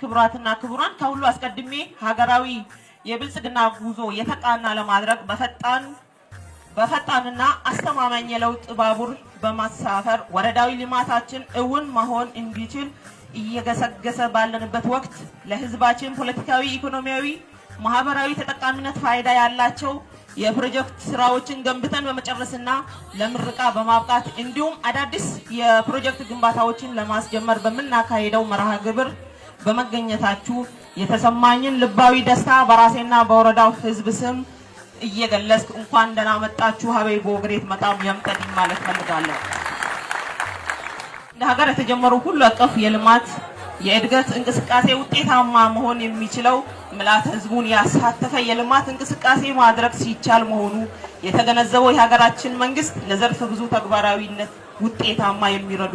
ክቡራትና ክቡራን ከሁሉ አስቀድሜ ሀገራዊ የብልጽግና ጉዞ የተቃና ለማድረግ በፈጣን በፈጣንና አስተማማኝ የለውጥ ባቡር በማሳፈር ወረዳዊ ልማታችን እውን መሆን እንዲችል እየገሰገሰ ባለንበት ወቅት ለሕዝባችን ፖለቲካዊ፣ ኢኮኖሚያዊ፣ ማህበራዊ ተጠቃሚነት ፋይዳ ያላቸው የፕሮጀክት ስራዎችን ገንብተን በመጨረስና ለምርቃ በማብቃት እንዲሁም አዳዲስ የፕሮጀክት ግንባታዎችን ለማስጀመር በምናካሄደው መርሃ ግብር በመገኘታችሁ የተሰማኝን ልባዊ ደስታ በራሴና በወረዳው ሕዝብ ስም እየገለጽኩ እንኳን ደህና መጣችሁ ሀበይ ቦግሬት መጣም የምጠዲም ማለት ፈልጋለሁ። እንደ ሀገር የተጀመሩ ሁሉ አቀፍ የልማት የእድገት እንቅስቃሴ ውጤታማ መሆን የሚችለው ምልዓተ ሕዝቡን ያሳተፈ የልማት እንቅስቃሴ ማድረግ ሲቻል መሆኑ የተገነዘበው የሀገራችን መንግስት ለዘርፍ ብዙ ተግባራዊነት ውጤታማ የሚረዱ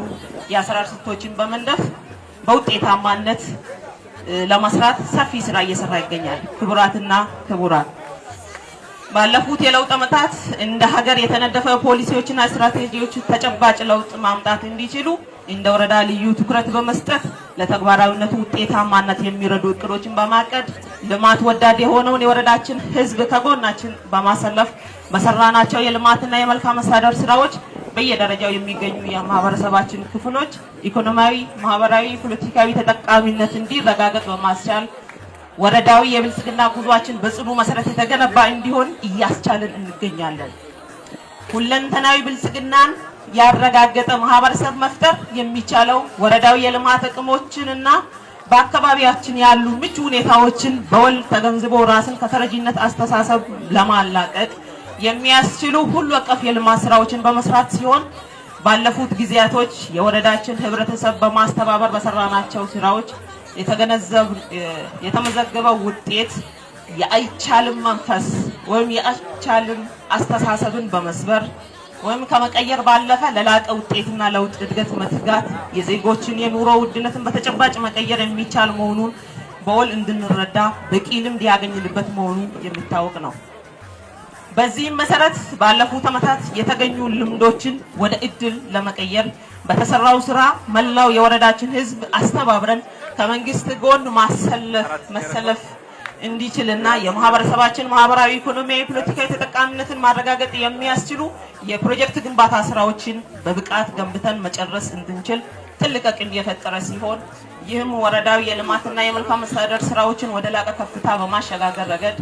የአሰራር ስልቶችን በመንደፍ በውጤታማነት ለመስራት ሰፊ ስራ እየሰራ ይገኛል። ክቡራትና ክቡራን ባለፉት የለውጥ ዓመታት እንደ ሀገር የተነደፈ ፖሊሲዎችና ስትራቴጂዎች ተጨባጭ ለውጥ ማምጣት እንዲችሉ እንደ ወረዳ ልዩ ትኩረት በመስጠት ለተግባራዊነቱ ውጤታማነት የሚረዱ እቅዶችን በማቀድ ልማት ወዳድ የሆነውን የወረዳችን ሕዝብ ከጎናችን በማሰለፍ በሰራናቸው የልማትና የመልካም አስተዳደር ስራዎች በየደረጃው የሚገኙ የማህበረሰባችን ክፍሎች ኢኮኖሚያዊ፣ ማህበራዊ፣ ፖለቲካዊ ተጠቃሚነት እንዲረጋገጥ በማስቻል ወረዳዊ የብልጽግና ጉዟችን በጽኑ መሰረት የተገነባ እንዲሆን እያስቻለን እንገኛለን። ሁለንተናዊ ብልጽግናን ያረጋገጠ ማህበረሰብ መፍጠር የሚቻለው ወረዳዊ የልማት እቅሞችንና በአካባቢያችን ያሉ ምቹ ሁኔታዎችን በወል ተገንዝቦ ራስን ከተረጂነት አስተሳሰብ ለማላቀቅ የሚያስችሉ ሁሉ አቀፍ የልማት ስራዎችን በመስራት ሲሆን ባለፉት ጊዜያቶች የወረዳችን ህብረተሰብ በማስተባበር በሰራናቸው ስራዎች የተመዘገበው ውጤት የአይቻልም መንፈስ ወይም የአይቻልም አስተሳሰብን በመስበር ወይም ከመቀየር ባለፈ ለላቀ ውጤትና ለውጥ እድገት መትጋት የዜጎችን የኑሮ ውድነትን በተጨባጭ መቀየር የሚቻል መሆኑን በውል እንድንረዳ በቂ ልምድ ያገኝንበት መሆኑ የሚታወቅ ነው። በዚህም መሰረት ባለፉት ዓመታት የተገኙ ልምዶችን ወደ እድል ለመቀየር በተሰራው ስራ መላው የወረዳችን ሕዝብ አስተባብረን ከመንግስት ጎን ማሰለፍ መሰለፍ እንዲችል እና የማህበረሰባችን ማህበራዊ፣ ኢኮኖሚያዊ፣ ፖለቲካዊ ተጠቃሚነትን ማረጋገጥ የሚያስችሉ የፕሮጀክት ግንባታ ስራዎችን በብቃት ገንብተን መጨረስ እንድንችል ትልቅ አቅም የፈጠረ ሲሆን ይህም ወረዳዊ የልማትና የመልካም መስተዳደር ስራዎችን ወደ ላቀ ከፍታ በማሸጋገር ረገድ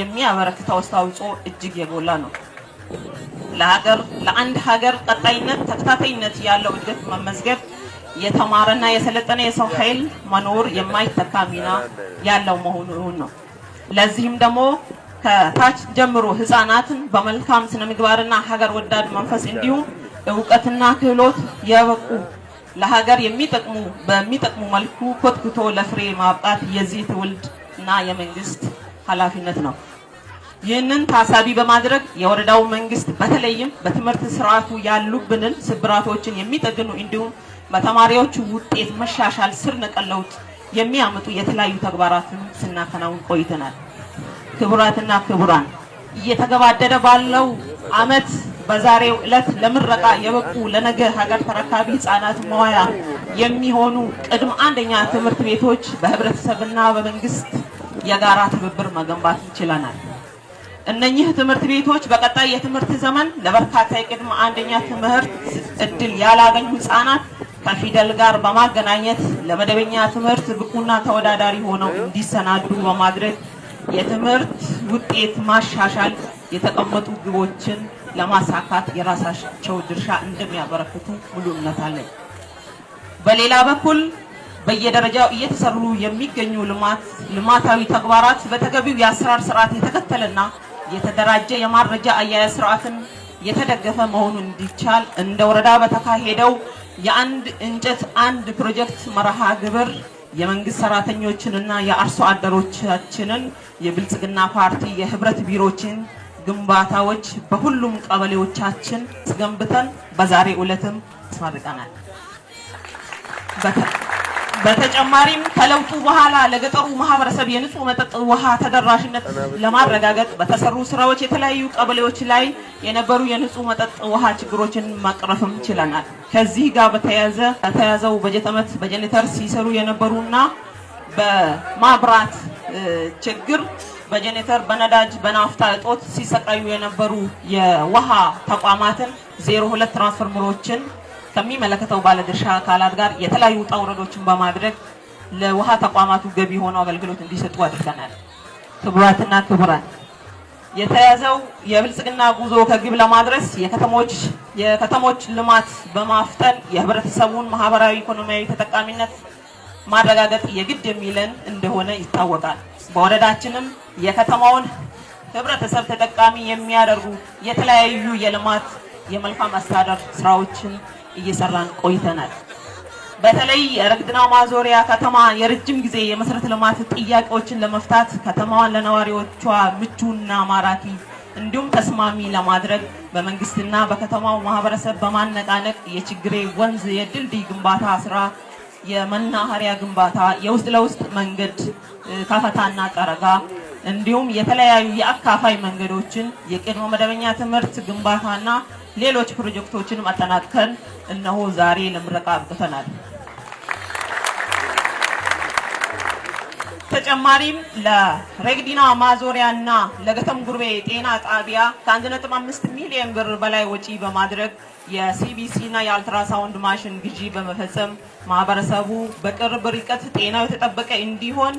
የሚያበረክተው አስተዋጽኦ እጅግ የጎላ ነው። ለሀገር ለአንድ ሀገር ቀጣይነት ተከታታይነት ያለው እድገት መመዝገብ የተማረና የሰለጠነ የሰው ኃይል መኖር የማይተካ ሚና ያለው መሆኑን ነው። ለዚህም ደግሞ ከታች ጀምሮ ህፃናትን በመልካም ስነ ምግባርና ሀገር ወዳድ መንፈስ እንዲሁም እውቀትና ክህሎት የበቁ ለሀገር የሚጠቅሙ በሚጠቅሙ መልኩ ኮትኩቶ ለፍሬ ማብቃት የዚህ ትውልድ እና የመንግስት ኃላፊነት ነው። ይህንን ታሳቢ በማድረግ የወረዳው መንግስት በተለይም በትምህርት ስርዓቱ ያሉብንን ስብራቶችን የሚጠግኑ እንዲሁም በተማሪዎቹ ውጤት መሻሻል ስር ነቀል ለውጥ የሚያመጡ የተለያዩ ተግባራትን ስናከናውን ቆይተናል። ክቡራትና ክቡራን እየተገባደደ ባለው አመት በዛሬው ዕለት ለምረቃ የበቁ ለነገ ሀገር ተረካቢ ህጻናት መዋያ የሚሆኑ ቅድመ አንደኛ ትምህርት ቤቶች በህብረተሰብና በመንግስት የጋራ ትብብር መገንባት ይችለናል። እነኚህ ትምህርት ቤቶች በቀጣይ የትምህርት ዘመን ለበርካታ የቅድመ አንደኛ ትምህርት እድል ያላገኙ ህጻናት ከፊደል ጋር በማገናኘት ለመደበኛ ትምህርት ብቁና ተወዳዳሪ ሆነው እንዲሰናዱ በማድረግ የትምህርት ውጤት ማሻሻል የተቀመጡ ግቦችን ለማሳካት የራሳቸው ድርሻ እንደሚያበረክቱ ሙሉ እምነት አለኝ። በሌላ በኩል በየደረጃው እየተሰሩ የሚገኙ ልማት ልማታዊ ተግባራት በተገቢው የአሰራር ስርዓት የተከተለና የተደራጀ የማረጃ አያያዝ ስርዓትን የተደገፈ መሆኑን እንዲቻል እንደ ወረዳ በተካሄደው የአንድ እንጨት አንድ ፕሮጀክት መርሃ ግብር የመንግስት ሰራተኞችንና የአርሶ አደሮቻችንን የብልጽግና ፓርቲ የህብረት ቢሮችን ግንባታዎች በሁሉም ቀበሌዎቻችን አስገንብተን በዛሬ ዕለትም አስመርቀናል። በተጨማሪም ከለውጡ በኋላ ለገጠሩ ማህበረሰብ የንጹህ መጠጥ ውሃ ተደራሽነት ለማረጋገጥ በተሰሩ ስራዎች የተለያዩ ቀበሌዎች ላይ የነበሩ የንጹህ መጠጥ ውሃ ችግሮችን ማቅረፍም ችለናል። ከዚህ ጋር በተያያዘ በተያዘው በጀት ዓመት በጀኔተር ሲሰሩ የነበሩና በማብራት ችግር በጀኔተር በነዳጅ በናፍታ እጦት ሲሰቃዩ የነበሩ የውሃ ተቋማትን ዜሮ ሁለት ትራንስፎርመሮችን ከሚመለከተው ባለድርሻ አካላት ጋር የተለያዩ ውጣ ውረዶችን በማድረግ ለውሃ ተቋማቱ ገቢ ሆነው አገልግሎት እንዲሰጡ አድርገናል። ክቡራትና ክቡራን የተያዘው የብልጽግና ጉዞ ከግብ ለማድረስ የከተሞች የከተሞች ልማት በማፍጠን የህብረተሰቡን ማህበራዊ፣ ኢኮኖሚያዊ ተጠቃሚነት ማረጋገጥ የግድ የሚለን እንደሆነ ይታወቃል። በወረዳችንም የከተማውን ህብረተሰብ ተጠቃሚ የሚያደርጉ የተለያዩ የልማት የመልካም አስተዳደር ስራዎችን እየሰራን ቆይተናል። በተለይ የረግድናው ማዞሪያ ከተማ የረጅም ጊዜ የመሰረተ ልማት ጥያቄዎችን ለመፍታት ከተማዋን ለነዋሪዎቿ ምቹና ማራኪ እንዲሁም ተስማሚ ለማድረግ በመንግስትና በከተማው ማህበረሰብ በማነቃነቅ የችግሬ ወንዝ የድልድይ ግንባታ ስራ፣ የመናኸሪያ ግንባታ፣ የውስጥ ለውስጥ መንገድ ከፈታና ቀረጋ እንዲሁም የተለያዩ የአካፋይ መንገዶችን፣ የቅድመ መደበኛ ትምህርት ግንባታና ሌሎች ፕሮጀክቶችንም አጠናቅቀን እነሆ ዛሬ ለምረቃ አብቅተናል። ተጨማሪም ለሬግዲና ማዞሪያና ለገተም ጉርቤ የጤና ጣቢያ ከ1.5 ሚሊዮን ብር በላይ ወጪ በማድረግ የሲቢሲና የአልትራሳውንድ ማሽን ግዢ በመፈጸም ማህበረሰቡ በቅርብ ርቀት ጤናው የተጠበቀ እንዲሆን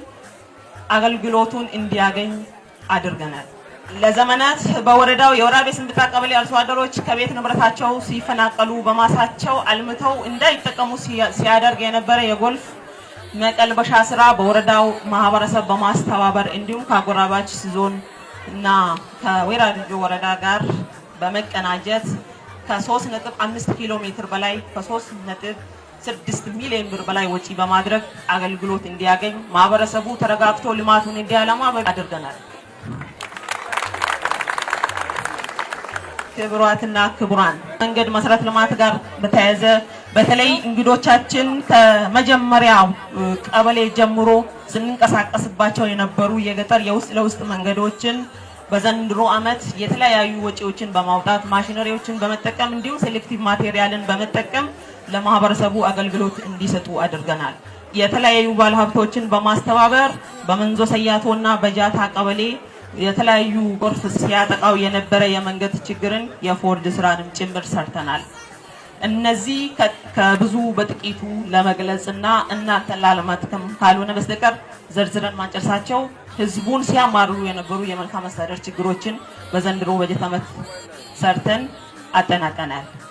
አገልግሎቱን እንዲያገኝ አድርገናል። ለዘመናት በወረዳው የወራቤ ስንድቃ ቀበሌ አርሶ አደሮች ከቤት ንብረታቸው ሲፈናቀሉ በማሳቸው አልምተው እንዳይጠቀሙ ሲያደርግ የነበረ የጎልፍ መቀልበሻ ስራ በወረዳው ማህበረሰብ በማስተባበር እንዲሁም ከአጎራባች ዞን እና ከወይራ ድጆ ወረዳ ጋር በመቀናጀት ከ3.5 ኪሎ ሜትር በላይ ከ3.6 ሚሊዮን ብር በላይ ወጪ በማድረግ አገልግሎት እንዲያገኝ ማህበረሰቡ ተረጋግቶ ልማቱን እንዲያለማ አድርገናል። ክብሯትና ክቡራን መንገድ መሰረተ ልማት ጋር በተያያዘ በተለይ እንግዶቻችን ከመጀመሪያው ቀበሌ ጀምሮ ስንንቀሳቀስባቸው የነበሩ የገጠር የውስጥ ለውስጥ መንገዶችን በዘንድሮ ዓመት የተለያዩ ወጪዎችን በማውጣት ማሽነሪዎችን በመጠቀም እንዲሁም ሴሌክቲቭ ማቴሪያልን በመጠቀም ለማህበረሰቡ አገልግሎት እንዲሰጡ አድርገናል። የተለያዩ ባለሀብቶችን በማስተባበር በመንዞ ሰያቶና በጃታ ቀበሌ የተለያዩ ጎርፍ ሲያጠቃው የነበረ የመንገድ ችግርን የፎርድ ስራንም ጭምር ሰርተናል። እነዚህ ከብዙ በጥቂቱ ለመግለጽና እናንተን ላለማድከም ካልሆነ በስተቀር ዘርዝረን ማንጨርሳቸው ህዝቡን ሲያማርሩ የነበሩ የመልካም አስተዳደር ችግሮችን በዘንድሮ በጀት ዓመት ሰርተን አጠናቀናል።